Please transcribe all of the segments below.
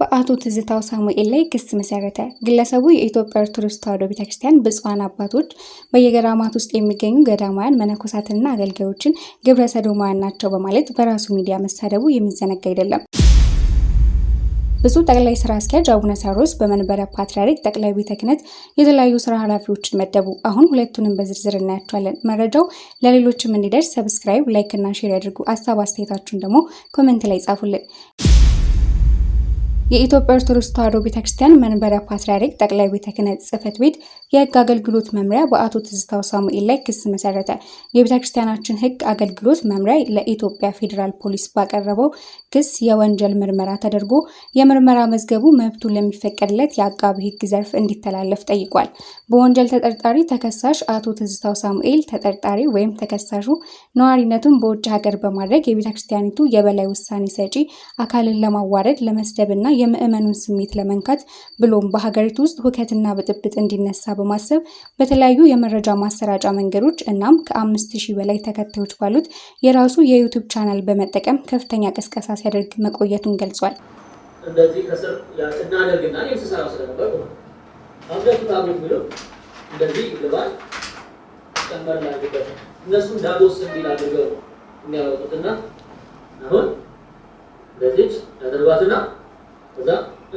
በአቶ ትዝታው ሳሙኤል ላይ ክስ መሰረተ። ግለሰቡ የኢትዮጵያ ኦርቶዶክስ ተዋሕዶ ቤተክርስቲያን ብፁዓን አባቶች በየገዳማት ውስጥ የሚገኙ ገዳማውያን መነኮሳትንና አገልጋዮችን ግብረ ሰዶማውያን ናቸው በማለት በራሱ ሚዲያ መሳደቡ የሚዘነጋ አይደለም። ብፁዕ ጠቅላይ ስራ አስኪያጅ አቡነ ሳዊሮስ በመንበረ ፓትርያርክ ጠቅላይ ቤተ ክህነት የተለያዩ ስራ ኃላፊዎችን መደቡ። አሁን ሁለቱንም በዝርዝር እናያቸዋለን። መረጃው ለሌሎችም እንዲደርስ ሰብስክራይብ፣ ላይክ እና ሼር ያድርጉ። ሀሳብ አስተያየታችሁን ደግሞ ኮመንት ላይ ጻፉልን። የኢትዮጵያ ኦርቶዶክስ ተዋሕዶ ቤተክርስቲያን መንበረ ፓትርያርክ ጠቅላይ ቤተ ክህነት ጽሕፈት ቤት የህግ አገልግሎት መምሪያ በአቶ ትዝታው ሳሙኤል ላይ ክስ መሰረተ። የቤተክርስቲያናችን ህግ አገልግሎት መምሪያ ለኢትዮጵያ ፌዴራል ፖሊስ ባቀረበው ክስ የወንጀል ምርመራ ተደርጎ የምርመራ መዝገቡ መብቱን ለሚፈቀድለት የአቃቢ ህግ ዘርፍ እንዲተላለፍ ጠይቋል። በወንጀል ተጠርጣሪ ተከሳሽ አቶ ትዝታው ሳሙኤል ተጠርጣሪ ወይም ተከሳሹ ነዋሪነቱን በውጭ ሀገር በማድረግ የቤተክርስቲያኒቱ የበላይ ውሳኔ ሰጪ አካልን ለማዋረድ ለመስደብና የምዕመኑን ስሜት ለመንካት ብሎም በሀገሪቱ ውስጥ ሁከትና ብጥብጥ እንዲነሳ በማሰብ በተለያዩ የመረጃ ማሰራጫ መንገዶች እናም ከአምስት ሺህ በላይ ተከታዮች ባሉት የራሱ የዩቱብ ቻናል በመጠቀም ከፍተኛ ቅስቀሳ ሲያደርግ መቆየቱን ገልጿል። እንደዚህ ከስር እናደርግና ስለነበር ብሎ እንደዚህ ጨመር ዳጎስ እንዲል አድርገው የሚያወጡትና አሁን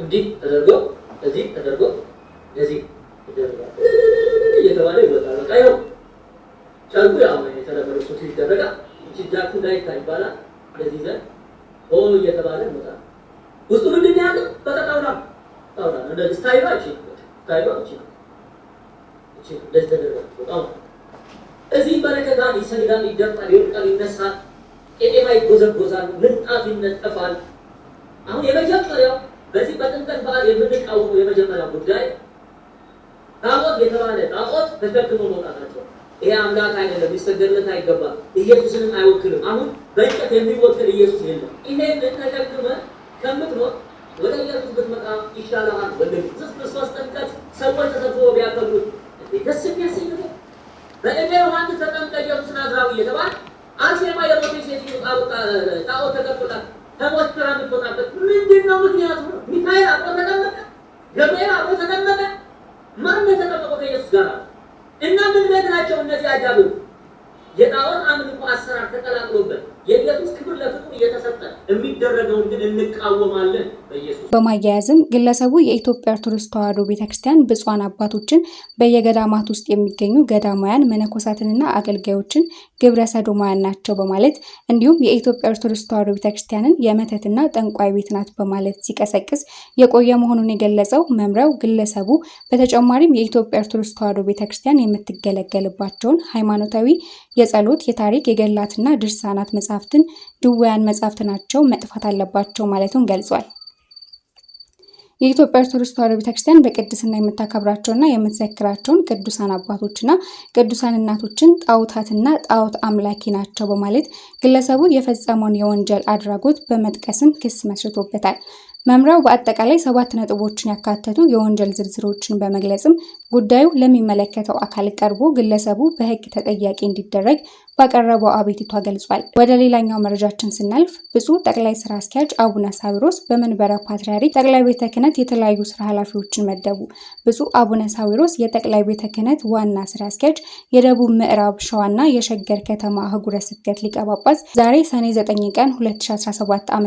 እንዲህ ተደርገው እዚህ ተደርገው እዚህ እየተባለ ይወጣል። በቃ ይኸው ጨርቁ ያው የተለመደ ሱት ይደረጋል። እጃችሁ እንዳይታይ ይባላል። እንደዚህ ዘንድ ሆ እየተባለ ይወጣል። ውስጡ ምንድን ነው ያለው? በቃ ጣውላ ጣውላ እንደዚህ ስታይሏ እቺ ስታይሏ እቺ እቺ እንደዚህ ተደረገ ጣውላ እዚህ ይበረከታል፣ ይሰግዳል፣ ይደርቃል፣ ይወድቃል፣ ይነሳል፣ ቄጤማ ይጎዘጎዛል፣ ምንጣፍ ይነጠፋል። አሁን የመጀመሪያው በዚህ በጥምቀት በዓል የምንቃወሙ የመጀመሪያው ጉዳይ ታቦት የተባለ ታቦት ተሸክሞ መውጣታቸው ይሄ አምላክ አይደለም፣ ሊሰገድለት አይገባም፣ ኢየሱስንም አይወክልም። አሁን በእንጨት የሚወክል ኢየሱስ የለም። ይሄ ተሸክመ ከምትሞት ወደ ኢየሱስ ብትመጣ ይሻለሃል። ወንድም ኢየሱስ ክርስቶስ ጥምቀት ሰዎች ተሰብስቦ ቢያከብሩት ደስ የሚያሰኝ ነው። በእኔ ውሃን ተጠምቀ ኢየሱስ ናዝራዊ እየተባለ አርሴማ የሞተች ሴትዮ ጣዖት ተቀብላት ከሞት ስራ የምትወጣበት ምንድን ነው ምክንያቱ? ሚካኤል አብሮ ተቀመጠ፣ ገብርኤል አብሮ ये የፍራውን አምልኮ አሰራር ተቀላቅሎበት የኢየሱስ ክብር ለፍጡር እየተሰጠ የሚደረገውን ግን እንቃወማለን በኢየሱስ። በማያያዝም ግለሰቡ የኢትዮጵያ ኦርቶዶክስ ተዋሕዶ ቤተክርስቲያን ብፁዓን አባቶችን በየገዳማት ውስጥ የሚገኙ ገዳማውያን መነኮሳትንና አገልጋዮችን ግብረ ሰዶማውያን ናቸው በማለት እንዲሁም የኢትዮጵያ ኦርቶዶክስ ተዋሕዶ ቤተክርስቲያንን የመተትና ጠንቋይ ቤት ናት በማለት ሲቀሰቅስ የቆየ መሆኑን የገለጸው መምሪያው ግለሰቡ በተጨማሪም የኢትዮጵያ ኦርቶዶክስ ተዋሕዶ ቤተክርስቲያን የምትገለገልባቸውን ሃይማኖታዊ የጸሎ ጸሎት፣ የታሪክ የገላትና ድርሳናት መጻሕፍትን ድውያን መጻሕፍት ናቸው፣ መጥፋት አለባቸው ማለቱን ገልጿል። የኢትዮጵያ ኦርቶዶክስ ተዋሕዶ ቤተክርስቲያን በቅድስና የምታከብራቸውና የምትዘክራቸውን ቅዱሳን አባቶችና ቅዱሳን እናቶችን ጣዖታትና ጣዖት አምላኪ ናቸው በማለት ግለሰቡ የፈጸመውን የወንጀል አድራጎት በመጥቀስም ክስ መስርቶበታል። መምሪያው በአጠቃላይ ሰባት ነጥቦችን ያካተቱ የወንጀል ዝርዝሮችን በመግለጽም ጉዳዩ ለሚመለከተው አካል ቀርቦ ግለሰቡ በሕግ ተጠያቂ እንዲደረግ ባቀረበው አቤቱታ ገልጿል። ወደ ሌላኛው መረጃችን ስናልፍ ብፁዕ ጠቅላይ ስራ አስኪያጅ አቡነ ሳዊሮስ በመንበረ ፓትርያርክ ጠቅላይ ቤተ ክህነት የተለያዩ ስራ ኃላፊዎችን መደቡ። ብፁዕ አቡነ ሳዊሮስ የጠቅላይ ቤተ ክህነት ዋና ስራ አስኪያጅ፣ የደቡብ ምዕራብ ሸዋና የሸገር ከተማ አህጉረ ስብከት ሊቀ ጳጳስ ዛሬ ሰኔ 9 ቀን 2017 ዓ.ም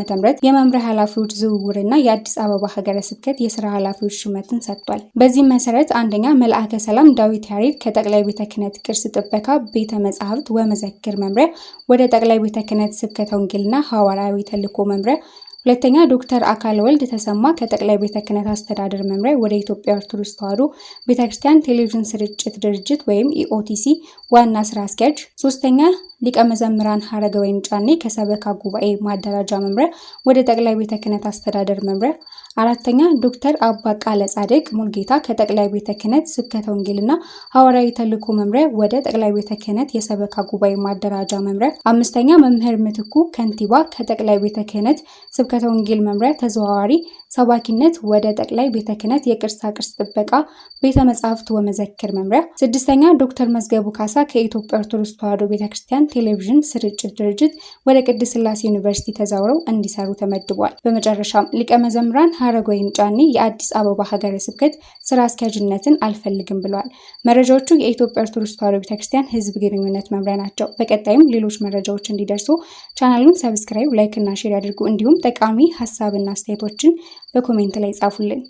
የመምሪያ ኃላፊዎች ዝውውርና የአዲስ አበባ ሀገረ ስብከት የስራ ኃላፊዎች ሹመትን ሰጥቷል። በዚህም መሰረት አንደኛ መልአከ ሰላም ዳዊት ያሬድ ከጠቅላይ ቤተ ክህነት ቅርስ ጥበቃ ቤተ መጻሕፍት ወመ መዘክር መምሪያ ወደ ጠቅላይ ቤተ ክህነት ስብከተ ወንጌልና ሐዋርያዊ ተልእኮ መምሪያ፣ ሁለተኛ ዶክተር አካል ወልድ ተሰማ ከጠቅላይ ቤተ ክህነት አስተዳደር መምሪያ ወደ ኢትዮጵያ ኦርቶዶክስ ተዋሕዶ ቤተክርስቲያን ቴሌቪዥን ስርጭት ድርጅት ወይም ኢኦቲሲ ዋና ስራ አስኪያጅ፣ ሶስተኛ ሊቀ መዘምራን ሀረገ ወይን ጫኔ ከሰበካ ጉባኤ ማደራጃ መምሪያ ወደ ጠቅላይ ቤተ ክህነት አስተዳደር መምሪያ አራተኛ ዶክተር አባ ቃለ ጻድቅ ሙልጌታ ከጠቅላይ ቤተ ክህነት ስብከተ ወንጌልና ሐዋርያዊ ተልእኮ መምሪያ ወደ ጠቅላይ ቤተ ክህነት የሰበካ ጉባኤ ማደራጃ መምሪያ። አምስተኛ መምህር ምትኩ ከንቲባ ከጠቅላይ ቤተ ክህነት ስብከተ ወንጌል መምሪያ ተዘዋዋሪ ሰባኪነት ወደ ጠቅላይ ቤተ ክህነት የቅርሳ ቅርስ ጥበቃ ቤተ መጻሕፍት ወመዘክር መምሪያ። ስድስተኛ ዶክተር መዝገቡ ካሳ ከኢትዮጵያ ኦርቶዶክስ ተዋሕዶ ቤተ ክርስቲያን ቴሌቪዥን ስርጭት ድርጅት ወደ ቅድስት ስላሴ ዩኒቨርሲቲ ተዛውረው እንዲሰሩ ተመድቧል። በመጨረሻም ሊቀ መዘምራን ሀረግ ጫኔ የአዲስ አበባ ሀገረ ስብከት ስራ አስኪያጅነትን አልፈልግም ብለዋል። መረጃዎቹ የኢትዮጵያ ኦርቶዶክስ ተዋሕዶ ቤተክርስቲያን ህዝብ ግንኙነት መምሪያ ናቸው። በቀጣይም ሌሎች መረጃዎች እንዲደርሱ ቻናሉን ሰብስክራይብ፣ ላይክ እና ሼር ያድርጉ። እንዲሁም ጠቃሚ ሀሳብና አስተያየቶችን በኮሜንት ላይ ጻፉልን።